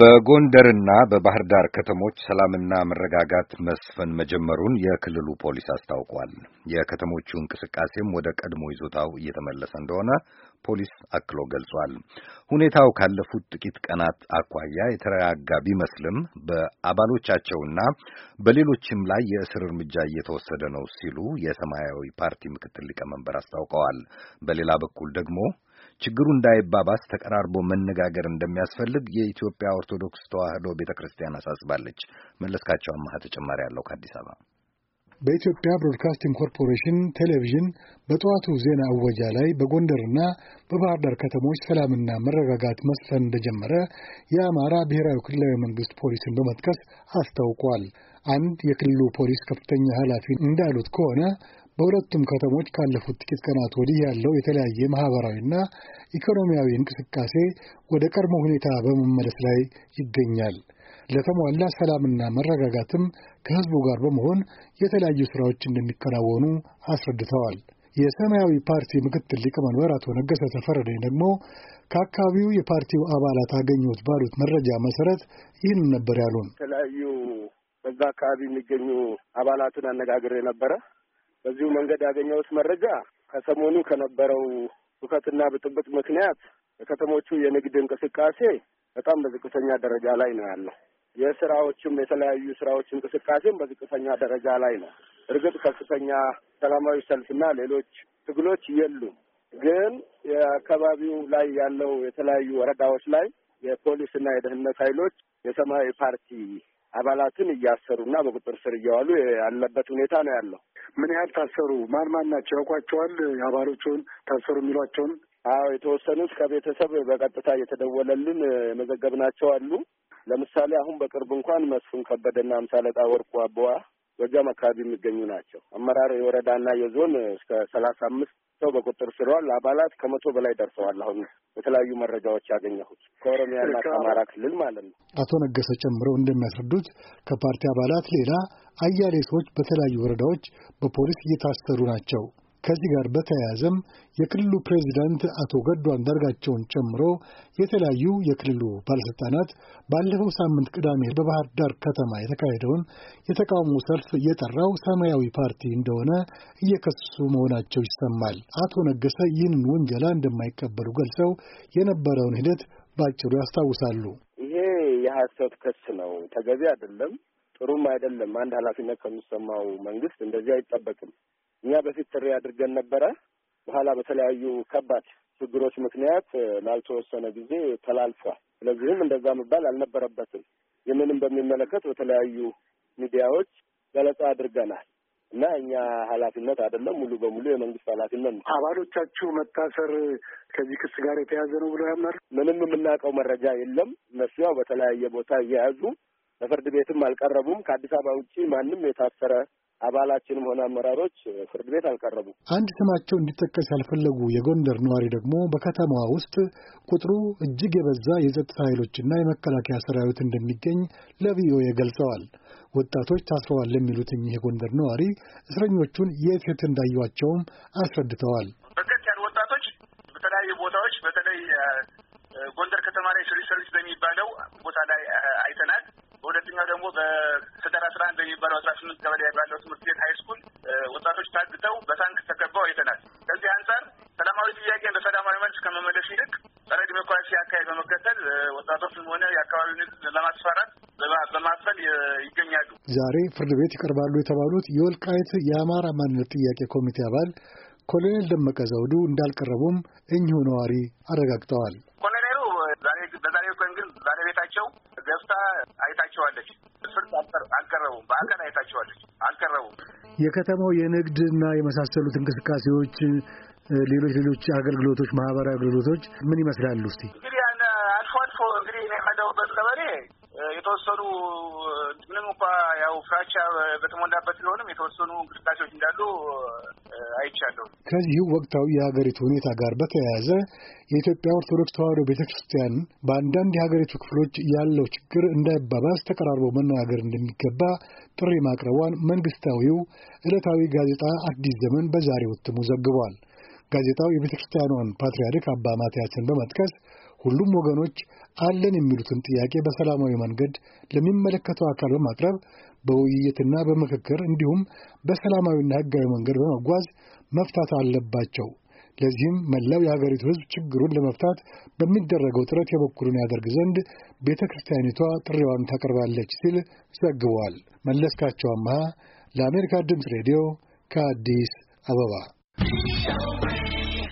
በጎንደርና በባህር ዳር ከተሞች ሰላምና መረጋጋት መስፈን መጀመሩን የክልሉ ፖሊስ አስታውቋል። የከተሞቹ እንቅስቃሴም ወደ ቀድሞ ይዞታው እየተመለሰ እንደሆነ ፖሊስ አክሎ ገልጿል። ሁኔታው ካለፉት ጥቂት ቀናት አኳያ የተረጋጋ ቢመስልም በአባሎቻቸውና በሌሎችም ላይ የእስር እርምጃ እየተወሰደ ነው ሲሉ የሰማያዊ ፓርቲ ምክትል ሊቀመንበር አስታውቀዋል። በሌላ በኩል ደግሞ ችግሩ እንዳይባባስ ተቀራርቦ መነጋገር እንደሚያስፈልግ የኢትዮጵያ ኦርቶዶክስ ተዋሕዶ ቤተ ክርስቲያን አሳስባለች። መለስካቸው አማሃ ተጨማሪ አለው ከአዲስ አበባ በኢትዮጵያ ብሮድካስቲንግ ኮርፖሬሽን ቴሌቪዥን በጠዋቱ ዜና እወጃ ላይ በጎንደርና በባህር ዳር ከተሞች ሰላምና መረጋጋት መስፈን እንደጀመረ የአማራ ብሔራዊ ክልላዊ መንግስት ፖሊስን በመጥቀስ አስታውቋል። አንድ የክልሉ ፖሊስ ከፍተኛ ኃላፊ እንዳሉት ከሆነ በሁለቱም ከተሞች ካለፉት ጥቂት ቀናት ወዲህ ያለው የተለያየ ማህበራዊና ኢኮኖሚያዊ እንቅስቃሴ ወደ ቀድሞ ሁኔታ በመመለስ ላይ ይገኛል። ለተሟላ ሰላምና መረጋጋትም ከህዝቡ ጋር በመሆን የተለያዩ ስራዎች እንደሚከናወኑ አስረድተዋል። የሰማያዊ ፓርቲ ምክትል ሊቀመንበር አቶ ነገሰ ተፈረደኝ ደግሞ ከአካባቢው የፓርቲው አባላት አገኘሁት ባሉት መረጃ መሰረት ይህን ነበር ያሉን። የተለያዩ በዛ አካባቢ የሚገኙ አባላትን አነጋግሬ ነበረ። በዚሁ መንገድ ያገኘሁት መረጃ ከሰሞኑ ከነበረው ሁከትና ብጥብጥ ምክንያት የከተሞቹ የንግድ እንቅስቃሴ በጣም በዝቅተኛ ደረጃ ላይ ነው ያለው። የስራዎችም የተለያዩ ስራዎች እንቅስቃሴም በዝቅተኛ ደረጃ ላይ ነው። እርግጥ ከፍተኛ ሰላማዊ ሰልፍና ሌሎች ትግሎች የሉም። ግን የአካባቢው ላይ ያለው የተለያዩ ወረዳዎች ላይ የፖሊስና የደህንነት ኃይሎች የሰማያዊ ፓርቲ አባላትን እያሰሩና በቁጥር ስር እየዋሉ ያለበት ሁኔታ ነው ያለው። ምን ያህል ታሰሩ? ማን ማን ናቸው? ያውቋቸዋል? አባሎቹን ታሰሩ የሚሏቸውን? አዎ የተወሰኑት ከቤተሰብ በቀጥታ እየተደወለልን ናቸው አሉ። ለምሳሌ አሁን በቅርብ እንኳን መስፍን ከበደና አምሳለጣ ወርቁ አበዋ በዚያም አካባቢ የሚገኙ ናቸው። አመራር የወረዳና የዞን እስከ ሰላሳ አምስት ሰው በቁጥር ስለዋል አባላት ከመቶ በላይ ደርሰዋል። አሁን የተለያዩ መረጃዎች ያገኘሁት ከኦሮሚያና ከአማራ ክልል ማለት ነው። አቶ ነገሰ ጨምረው እንደሚያስረዱት ከፓርቲ አባላት ሌላ አያሌ ሰዎች በተለያዩ ወረዳዎች በፖሊስ እየታሰሩ ናቸው። ከዚህ ጋር በተያያዘም የክልሉ ፕሬዚዳንት አቶ ገዱ አንዳርጋቸውን ጨምሮ የተለያዩ የክልሉ ባለሥልጣናት ባለፈው ሳምንት ቅዳሜ በባህር ዳር ከተማ የተካሄደውን የተቃውሞ ሰልፍ የጠራው ሰማያዊ ፓርቲ እንደሆነ እየከሰሱ መሆናቸው ይሰማል። አቶ ነገሰ ይህንን ውንጀላ እንደማይቀበሉ ገልጸው የነበረውን ሂደት ባጭሩ ያስታውሳሉ። ይሄ የሐሰት ክስ ነው፣ ተገቢ አይደለም፣ ጥሩም አይደለም። አንድ ኃላፊነት ከሚሰማው መንግስት እንደዚህ አይጠበቅም። እኛ በፊት ጥሪ አድርገን ነበረ። በኋላ በተለያዩ ከባድ ችግሮች ምክንያት ላልተወሰነ ጊዜ ተላልፏል። ስለዚህም እንደዛ መባል አልነበረበትም። ይህንንም በሚመለከት በተለያዩ ሚዲያዎች ገለጻ አድርገናል እና እኛ ኃላፊነት አይደለም ሙሉ በሙሉ የመንግስት ኃላፊነት ነው። አባሎቻችሁ መታሰር ከዚህ ክስ ጋር የተያዘ ነው ብሎ ያምናል። ምንም የምናውቀው መረጃ የለም። እነሱ ያው በተለያየ ቦታ እየያዙ ለፍርድ ቤትም አልቀረቡም። ከአዲስ አበባ ውጭ ማንም የታሰረ አባላችንም ሆነ አመራሮች ፍርድ ቤት አልቀረቡ። አንድ ስማቸው እንዲጠቀስ ያልፈለጉ የጎንደር ነዋሪ ደግሞ በከተማዋ ውስጥ ቁጥሩ እጅግ የበዛ የጸጥታ ኃይሎችና የመከላከያ ሰራዊት እንደሚገኝ ለቪኦኤ ገልጸዋል። ወጣቶች ታስረዋል ለሚሉት እኚህ የጎንደር ነዋሪ እስረኞቹን የት የት እንዳዩቸውም አስረድተዋል። በርከት ያሉ ወጣቶች በተለያዩ ቦታዎች በተለይ ጎንደር ከተማ ላይ ፍሪ ሰርቪስ በሚባለው ጠንቅ ተከባው አይተናል። ከዚህ አንጻር ሰላማዊ ጥያቄ በሰላማዊ መልስ ከመመለስ ይልቅ ጸረ ዲሞክራሲ አካሄድ በመከተል ወጣቶችም ሆነ የአካባቢውን ሕዝብ ለማስፈራት በማፈል ይገኛሉ። ዛሬ ፍርድ ቤት ይቀርባሉ የተባሉት የወልቃይት የአማራ ማንነት ጥያቄ ኮሚቴ አባል ኮሎኔል ደመቀ ዘውዱ እንዳልቀረቡም እኚሁ ነዋሪ አረጋግጠዋል። ኮሎኔሉ በዛሬ ቀን ግን ባለቤታቸው ገብታ አይታቸዋለች። ፍርድ አልቀረቡም፣ በአካል አይታቸዋለች። የከተማው የንግድና የመሳሰሉት እንቅስቃሴዎች፣ ሌሎች ሌሎች አገልግሎቶች፣ ማህበራዊ አገልግሎቶች ምን ይመስላሉ? እስቲ እንግዲህ አልፎ አልፎ እንግዲህ እኔ የምሄደውበት ቀበሌ የተወሰኑ ምንም እንኳ ያው ፍራቻ በተሞላበት ቢሆንም የተወሰኑ እንቅስቃሴዎች እንዳሉ አይቻለሁ። ከዚህ ወቅታዊ የሀገሪቱ ሁኔታ ጋር በተያያዘ የኢትዮጵያ ኦርቶዶክስ ተዋሕዶ ቤተ ክርስቲያን በአንዳንድ የሀገሪቱ ክፍሎች ያለው ችግር እንዳይባባስ ተቀራርቦ መነጋገር እንደሚገባ ጥሪ ማቅረቧን መንግስታዊው ዕለታዊ ጋዜጣ አዲስ ዘመን በዛሬው እትሙ ዘግቧል። ጋዜጣው የቤተ ክርስቲያኗን ፓትርያርክ አባ ማትያስን በመጥቀስ ሁሉም ወገኖች አለን የሚሉትን ጥያቄ በሰላማዊ መንገድ ለሚመለከተው አካል በማቅረብ በውይይትና በምክክር እንዲሁም በሰላማዊና ሕጋዊ መንገድ በመጓዝ መፍታት አለባቸው። ለዚህም መላው የሀገሪቱ ሕዝብ ችግሩን ለመፍታት በሚደረገው ጥረት የበኩሉን ያደርግ ዘንድ ቤተ ክርስቲያኒቷ ጥሪዋን ታቀርባለች ሲል ዘግቧል። መለስካቸው አምሃ ለአሜሪካ ድምፅ ሬዲዮ ከአዲስ አበባ